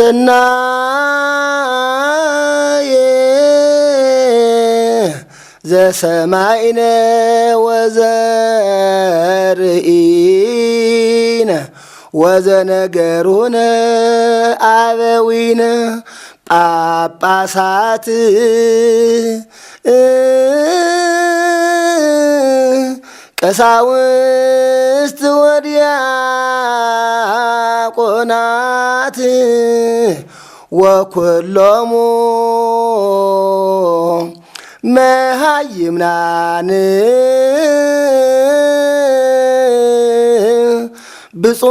ሰናየ ዘሰማይነ ወዘርእነ ወዘነገሩነ አበዊነ ጳጳሳት ቀሳውስት ወዲያቆናት ወኩሎሙ መሃይምናን ብፁዕ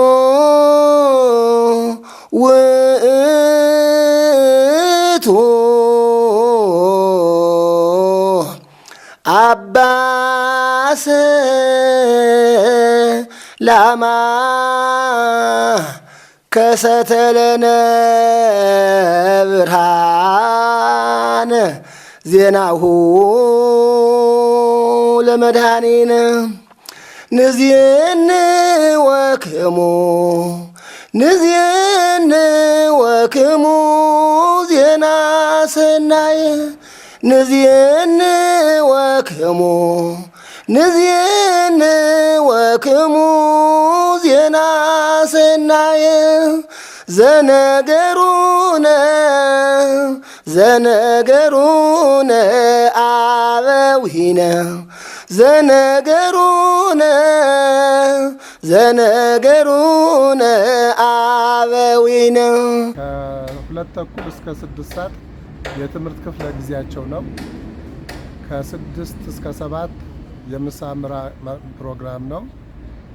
ላማ ከሰተለነ ብርሃን ዜናሁ ለመድኃኒነ ንዝየኒ ወክሙ ንዝየኒ ወክሙ ዜና ሰናየ ንዝየኒ ወክሙ ንዚህን ወክሙ ዜና ሰናየ ዘነገሩነ ዘነገሩነ አበዊነ ዘነገሩነ ዘነገሩነ አበዊነ ከሁለት ተኩል እስከ ስድስት ሰዓት የትምህርት ክፍለ ጊዜያቸው ነው። ከስድስት እስከ ሰባት የምሳ ፕሮግራም ነው።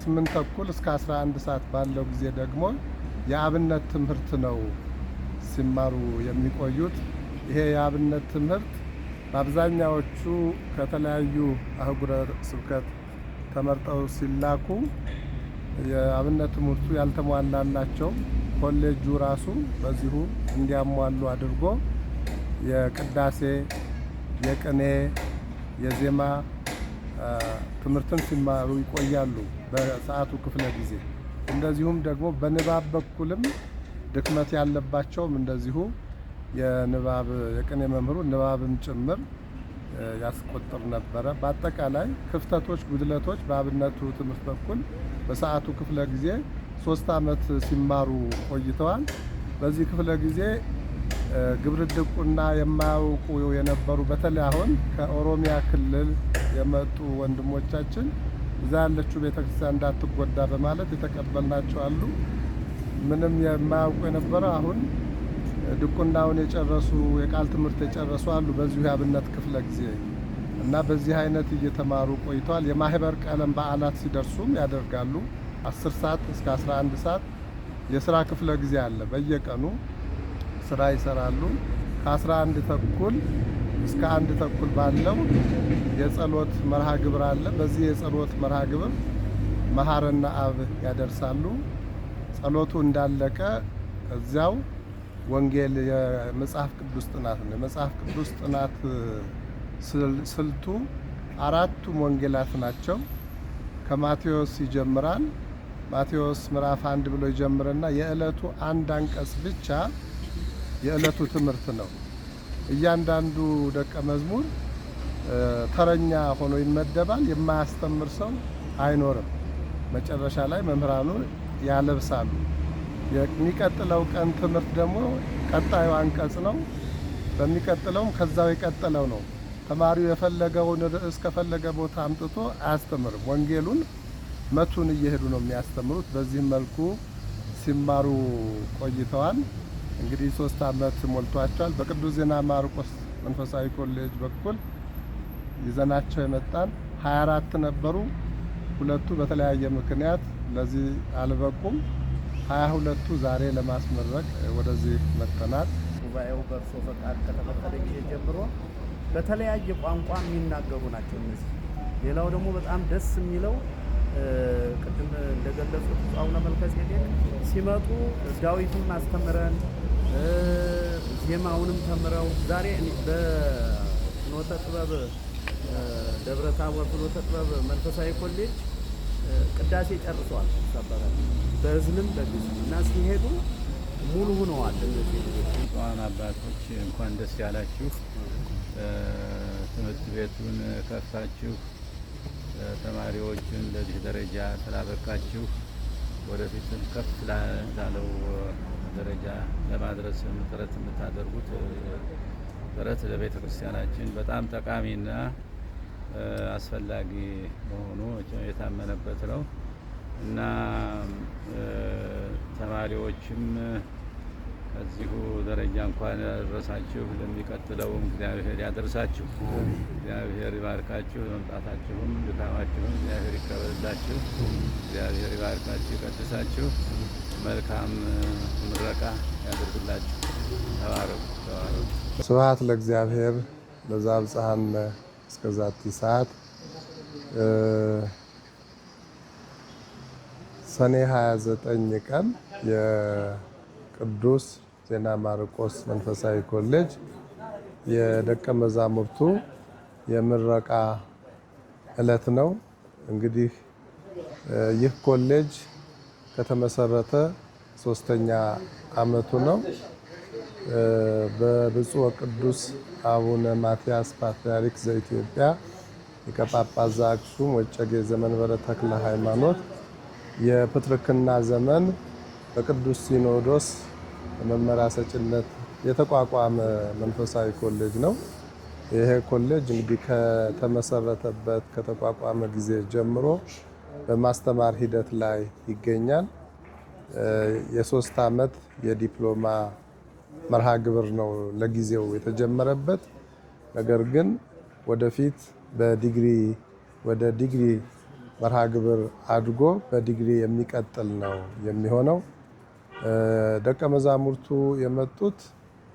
ስምንት ተኩል እስከ 11 ሰዓት ባለው ጊዜ ደግሞ የአብነት ትምህርት ነው ሲማሩ የሚቆዩት። ይሄ የአብነት ትምህርት በአብዛኛዎቹ ከተለያዩ አህጉረ ስብከት ተመርጠው ሲላኩ የአብነት ትምህርቱ ያልተሟላላቸው ኮሌጁ ራሱ በዚሁ እንዲያሟሉ አድርጎ የቅዳሴ፣ የቅኔ፣ የዜማ ትምህርትን ሲማሩ ይቆያሉ በሰዓቱ ክፍለ ጊዜ። እንደዚሁም ደግሞ በንባብ በኩልም ድክመት ያለባቸውም እንደዚሁ የንባብ የቅኔ መምህሩ ንባብም ጭምር ያስቆጥር ነበረ። በአጠቃላይ ክፍተቶች፣ ጉድለቶች በአብነቱ ትምህርት በኩል በሰዓቱ ክፍለ ጊዜ ሶስት ዓመት ሲማሩ ቆይተዋል። በዚህ ክፍለ ጊዜ ግብር ድቁና የማያውቁ የነበሩ በተለይ አሁን ከኦሮሚያ ክልል የመጡ ወንድሞቻችን እዛ ያለችው ቤተክርስቲያን እንዳትጎዳ በማለት የተቀበልናቸው አሉ። ምንም የማያውቁ የነበረ አሁን ድቁናውን የጨረሱ የቃል ትምህርት የጨረሱ አሉ በዚሁ የአብነት ክፍለ ጊዜ እና በዚህ አይነት እየተማሩ ቆይተዋል። የማህበር ቀለም በዓላት ሲደርሱም ያደርጋሉ። አስር ሰዓት እስከ 11 ሰዓት የስራ ክፍለ ጊዜ አለ በየቀኑ ስራ ይሰራሉ። ከ ከ11 ተኩል እስከ አንድ ተኩል ባለው የጸሎት መርሃ ግብር አለ። በዚህ የጸሎት መርሃ ግብር መሐረና አብ ያደርሳሉ። ጸሎቱ እንዳለቀ እዚያው ወንጌል የመጽሐፍ ቅዱስ ጥናት ነው። የመጽሐፍ ቅዱስ ጥናት ስልቱ አራቱም ወንጌላት ናቸው። ከማቴዎስ ይጀምራል። ማቴዎስ ምዕራፍ አንድ ብሎ ይጀምርና የዕለቱ አንድ አንቀጽ ብቻ የዕለቱ ትምህርት ነው። እያንዳንዱ ደቀ መዝሙር ተረኛ ሆኖ ይመደባል። የማያስተምር ሰው አይኖርም። መጨረሻ ላይ መምህራኑ ያለብሳሉ። የሚቀጥለው ቀን ትምህርት ደግሞ ቀጣዩ አንቀጽ ነው። በሚቀጥለውም ከዛው የቀጠለው ነው። ተማሪው የፈለገውን ርዕስ ከፈለገ ቦታ አምጥቶ አያስተምርም። ወንጌሉን መቱን እየሄዱ ነው የሚያስተምሩት። በዚህም መልኩ ሲማሩ ቆይተዋል። እንግዲህ ሶስት አመት ሞልቷቸዋል። በቅዱስ ዜና ማርቆስ መንፈሳዊ ኮሌጅ በኩል ይዘናቸው የመጣን 24 ነበሩ። ሁለቱ በተለያየ ምክንያት ለዚህ አልበቁም። 22ቱ ዛሬ ለማስመረቅ ወደዚህ መጥተናል። ጉባኤው በእርሶ ፈቃድ ከተፈቀደ ጊዜ ጀምሮ በተለያየ ቋንቋ የሚናገሩ ናቸው እነዚህ። ሌላው ደግሞ በጣም ደስ የሚለው ቅድም እንደገለጹት አቡነ መልከጼዴቅ ሲመጡ ዳዊትን አስተምረን ዜማውንም ተምረው ዛሬ በፍኖተ ጥበብ ደብረ ታቦር ፍኖተ ጥበብ መንፈሳዊ ኮሌጅ ቅዳሴ ጨርሰዋል። ሰበረ በእዝልም በግዝ እና ሲሄዱ ሙሉ ሆነዋል። እነዚህ አባቶች እንኳን ደስ ያላችሁ። ትምህርት ቤቱን ከፍታችሁ ተማሪዎችን ለዚህ ደረጃ ስላበቃችሁ ወደፊትም ከፍ ላለው ደረጃ ለማድረስ ጥረት የምታደርጉት ጥረት ለቤተ ክርስቲያናችን በጣም ጠቃሚና አስፈላጊ መሆኑ የታመነበት ነው እና ተማሪዎችም እዚሁ ደረጃ እንኳን ያደረሳችሁ ለሚቀጥለውም እግዚአብሔር ያደርሳችሁ። እግዚአብሔር ይባርካችሁ። መምጣታችሁም ድካማችሁም እግዚአብሔር ይከበልላችሁ፣ እግዚአብሔር ይባርካችሁ፣ ይቀድሳችሁ። መልካም ምረቃ ያደርግላችሁ። ተባረኩ፣ ተባረኩ። ስብሐት ለእግዚአብሔር ለዘአብጽሐነ እስከዛቲ ሰዓት ሰኔ 29 ቀን የቅዱስ ዜና ማርቆስ መንፈሳዊ ኮሌጅ የደቀ መዛሙርቱ የምረቃ እለት ነው። እንግዲህ ይህ ኮሌጅ ከተመሰረተ ሶስተኛ አመቱ ነው። በብፁዕ ወቅዱስ አቡነ ማትያስ ፓትርያርክ ዘኢትዮጵያ ሊቀ ጳጳስ ዘአክሱም ወዕጨጌ ዘመንበረ ተክለ ሃይማኖት የፕትርክና ዘመን በቅዱስ ሲኖዶስ መመሪያ ሰጭነት የተቋቋመ መንፈሳዊ ኮሌጅ ነው። ይሄ ኮሌጅ እንግዲህ ከተመሰረተበት ከተቋቋመ ጊዜ ጀምሮ በማስተማር ሂደት ላይ ይገኛል። የሶስት ዓመት የዲፕሎማ መርሃ ግብር ነው ለጊዜው የተጀመረበት። ነገር ግን ወደፊት በዲግሪ ወደ ዲግሪ መርሃ ግብር አድጎ በዲግሪ የሚቀጥል ነው የሚሆነው። ደቀ መዛሙርቱ የመጡት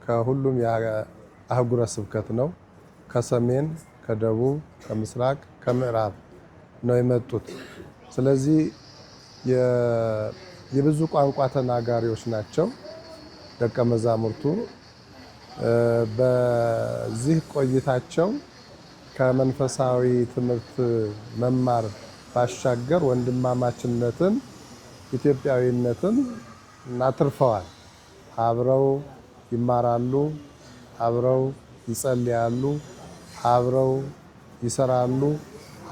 ከሁሉም የአህጉረ ስብከት ነው። ከሰሜን፣ ከደቡብ፣ ከምስራቅ፣ ከምዕራብ ነው የመጡት። ስለዚህ የብዙ ቋንቋ ተናጋሪዎች ናቸው ደቀ መዛሙርቱ። በዚህ ቆይታቸው ከመንፈሳዊ ትምህርት መማር ባሻገር ወንድማማችነትን፣ ኢትዮጵያዊነትን እናትርፈዋል። አብረው ይማራሉ፣ አብረው ይጸልያሉ፣ አብረው ይሰራሉ፣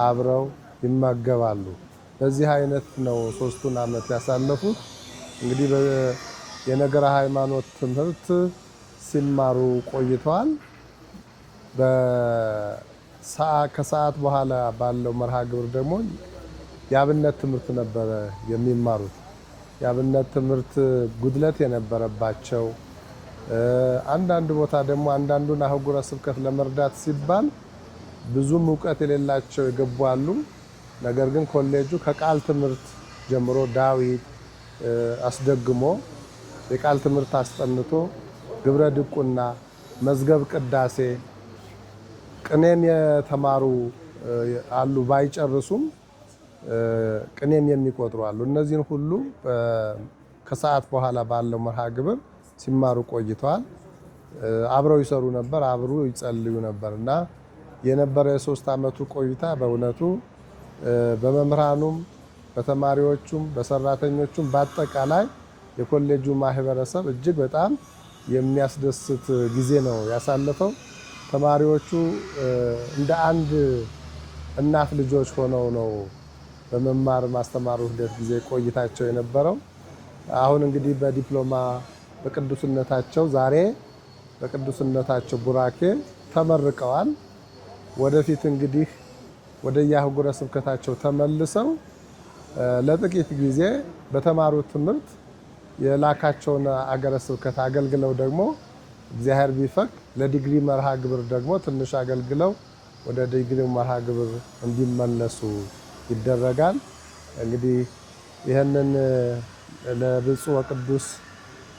አብረው ይመገባሉ። በዚህ አይነት ነው ሶስቱን ዓመት ያሳለፉት። እንግዲህ የነገረ ሃይማኖት ትምህርት ሲማሩ ቆይተዋል። ከሰዓት በኋላ ባለው መርሃ ግብር ደግሞ የአብነት ትምህርት ነበረ የሚማሩት። የአብነት ትምህርት ጉድለት የነበረባቸው አንዳንድ ቦታ ደግሞ አንዳንዱን አህጉረ ስብከት ለመርዳት ሲባል ብዙም እውቀት የሌላቸው የገቡ አሉ። ነገር ግን ኮሌጁ ከቃል ትምህርት ጀምሮ ዳዊት አስደግሞ የቃል ትምህርት አስጠንቶ ግብረ ድቁና፣ መዝገብ ቅዳሴ፣ ቅኔን የተማሩ አሉ ባይጨርሱም ቅኔም የሚቆጥሩ አሉ። እነዚህን ሁሉ ከሰዓት በኋላ ባለው መርሃ ግብር ሲማሩ ቆይተዋል። አብረው ይሰሩ ነበር፣ አብሩ ይጸልዩ ነበር እና የነበረ የሶስት ዓመቱ ቆይታ በእውነቱ በመምህራኑም በተማሪዎቹም በሰራተኞቹም በአጠቃላይ የኮሌጁ ማህበረሰብ እጅግ በጣም የሚያስደስት ጊዜ ነው ያሳለፈው። ተማሪዎቹ እንደ አንድ እናት ልጆች ሆነው ነው በመማር ማስተማሩ ሂደት ጊዜ ቆይታቸው የነበረው አሁን እንግዲህ በዲፕሎማ በቅዱስነታቸው ዛሬ በቅዱስነታቸው ቡራኬ ተመርቀዋል። ወደፊት እንግዲህ ወደ የአህጉረ ስብከታቸው ተመልሰው ለጥቂት ጊዜ በተማሩት ትምህርት የላካቸውን አገረ ስብከት አገልግለው ደግሞ እግዚአብሔር ቢፈቅ ለዲግሪ መርሃ ግብር ደግሞ ትንሽ አገልግለው ወደ ዲግሪ መርሃ ግብር እንዲመለሱ ይደረጋል። እንግዲህ ይህንን ለብፁዕ ወቅዱስ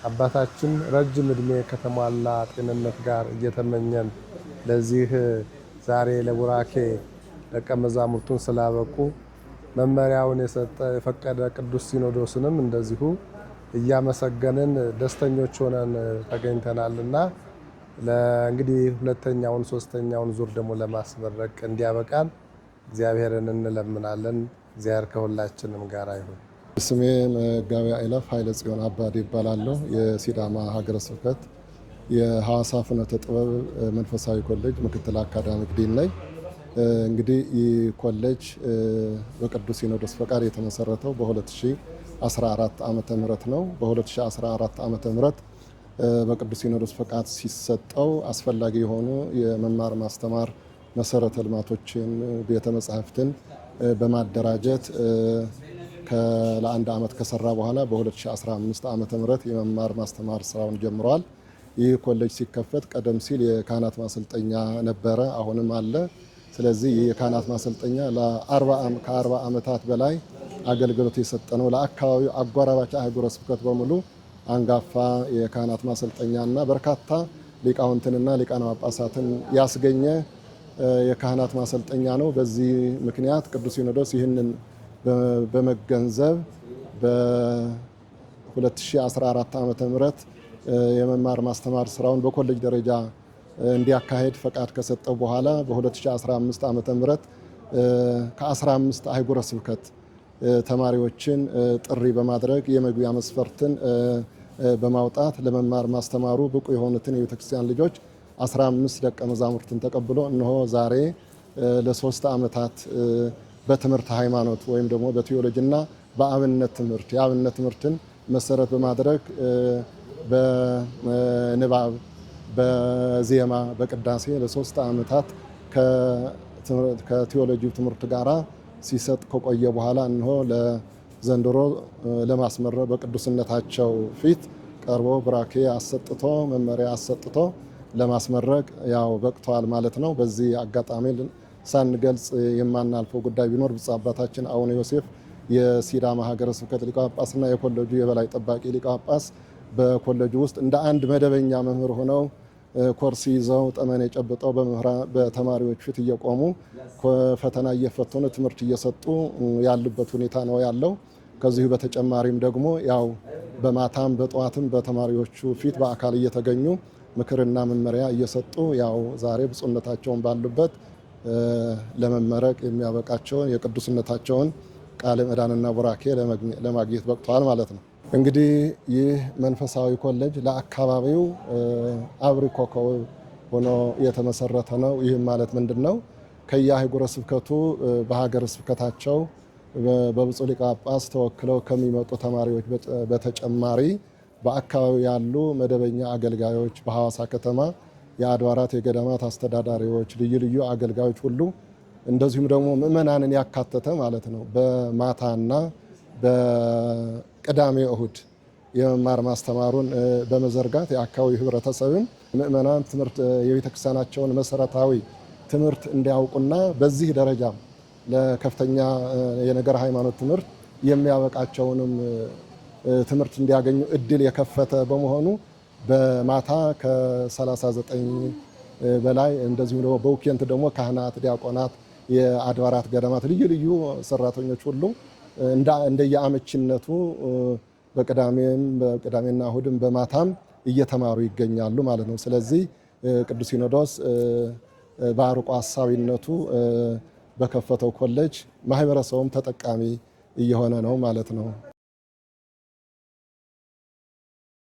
አባታችን ረጅም እድሜ ከተሟላ ጤንነት ጋር እየተመኘን ለዚህ ዛሬ ለቡራኬ ደቀ መዛሙርቱን ስላበቁ መመሪያውን የሰጠ የፈቀደ ቅዱስ ሲኖዶስንም እንደዚሁ እያመሰገንን ደስተኞች ሆነን ተገኝተናልና እንግዲህ ሁለተኛውን ሶስተኛውን ዙር ደግሞ ለማስመረቅ እንዲያበቃን እግዚአብሔርን እንለምናለን። እግዚአብሔር ከሁላችንም ጋር ይሁን። ስሜ መጋቢ አይለፍ ኃይለ ጽዮን አባዴ ይባላለሁ። የሲዳማ ሀገረ ስብከት የሐዋሳ ፍኖተ ጥበብ መንፈሳዊ ኮሌጅ ምክትል አካዳሚክ ዲን ነኝ። እንግዲህ ይህ ኮሌጅ በቅዱስ ሲኖዶስ ፈቃድ የተመሰረተው በ2014 ዓ ም ነው። በ2014 ዓ ም በቅዱስ ሲኖዶስ ፈቃድ ሲሰጠው አስፈላጊ የሆኑ የመማር ማስተማር መሰረተ ልማቶችን፣ ቤተ መጻሕፍትን በማደራጀት ለአንድ ዓመት ከሰራ በኋላ በ2015 ዓ ም የመማር ማስተማር ስራውን ጀምሯል። ይህ ኮሌጅ ሲከፈት ቀደም ሲል የካህናት ማሰልጠኛ ነበረ፣ አሁንም አለ። ስለዚህ ይህ የካህናት ማሰልጠኛ ከ40 ዓመታት በላይ አገልግሎት የሰጠ ነው። ለአካባቢው አጎራባች አህጉረ ስብከት በሙሉ አንጋፋ የካህናት ማሰልጠኛና በርካታ ሊቃውንትንና ሊቃነ ጳጳሳትን ያስገኘ የካህናት ማሰልጠኛ ነው። በዚህ ምክንያት ቅዱስ ሲኖዶስ ይህንን በመገንዘብ በ2014 ዓ ም የመማር ማስተማር ስራውን በኮሌጅ ደረጃ እንዲያካሄድ ፈቃድ ከሰጠው በኋላ በ2015 ዓ ም ከ15 አህጉረ ስብከት ተማሪዎችን ጥሪ በማድረግ የመግቢያ መስፈርትን በማውጣት ለመማር ማስተማሩ ብቁ የሆኑትን የቤተክርስቲያን ልጆች 15 ደቀ መዛሙርትን ተቀብሎ እነሆ ዛሬ ለሶስት ዓመታት በትምህርት ሃይማኖት ወይም ደግሞ በቴዎሎጂና በአብነት ትምህርት የአብነት ትምህርትን መሰረት በማድረግ በንባብ በዜማ በቅዳሴ ለሶስት ዓመታት ከቴዎሎጂ ትምህርት ጋር ሲሰጥ ከቆየ በኋላ እንሆ ለዘንድሮ ለማስመረቅ በቅዱስነታቸው ፊት ቀርቦ ብራኬ አሰጥቶ መመሪያ አሰጥቶ ለማስመረቅ ያው በቅተዋል ማለት ነው። በዚህ አጋጣሚ ሳንገልጽ የማናልፈው ጉዳይ ቢኖር ብፁዕ አባታችን አቡነ ዮሴፍ የሲዳማ ሀገረ ስብከት ሊቀ ጳጳስና የኮሌጁ የበላይ ጠባቂ ሊቀ ጳጳስ በኮሌጁ ውስጥ እንደ አንድ መደበኛ መምህር ሆነው ኮርስ ይዘው ጠመኔ ጨብጠው በተማሪዎች ፊት እየቆሙ ፈተና እየፈተኑ ትምህርት እየሰጡ ያሉበት ሁኔታ ነው ያለው። ከዚሁ በተጨማሪም ደግሞ ያው በማታም በጠዋትም በተማሪዎቹ ፊት በአካል እየተገኙ ምክርና መመሪያ እየሰጡ ያው ዛሬ ብፁዕነታቸውን ባሉበት ለመመረቅ የሚያበቃቸውን የቅዱስነታቸውን ቃለ ምዕዳንና ቡራኬ ለማግኘት በቅተዋል ማለት ነው። እንግዲህ ይህ መንፈሳዊ ኮሌጅ ለአካባቢው አብሪ ኮከብ ሆኖ የተመሰረተ ነው። ይህም ማለት ምንድን ነው? ከየአህጉረ ስብከቱ በሀገረ ስብከታቸው በብፁዕ ሊቀ ጳጳስ ተወክለው ከሚመጡ ተማሪዎች በተጨማሪ በአካባቢው ያሉ መደበኛ አገልጋዮች በሐዋሳ ከተማ የአድባራት የገዳማት አስተዳዳሪዎች፣ ልዩ ልዩ አገልጋዮች ሁሉ እንደዚሁም ደግሞ ምእመናንን ያካተተ ማለት ነው። በማታና በቅዳሜ እሁድ የመማር ማስተማሩን በመዘርጋት የአካባቢው ህብረተሰብም ምእመናን ትምህርት የቤተክርስቲያናቸውን መሰረታዊ ትምህርት እንዲያውቁና በዚህ ደረጃ ለከፍተኛ የነገር ሃይማኖት ትምህርት የሚያበቃቸውንም ትምህርት እንዲያገኙ እድል የከፈተ በመሆኑ በማታ ከ39 በላይ እንደዚሁም ደግሞ በውኬንት ደግሞ ካህናት፣ ዲያቆናት፣ የአድባራት ገዳማት ልዩ ልዩ ሰራተኞች ሁሉ እንደየአመችነቱ በቅዳሜም በቅዳሜና እሁድም በማታም እየተማሩ ይገኛሉ ማለት ነው። ስለዚህ ቅዱስ ሲኖዶስ በአርቆ ሀሳቢነቱ በከፈተው ኮሌጅ ማህበረሰቡም ተጠቃሚ እየሆነ ነው ማለት ነው።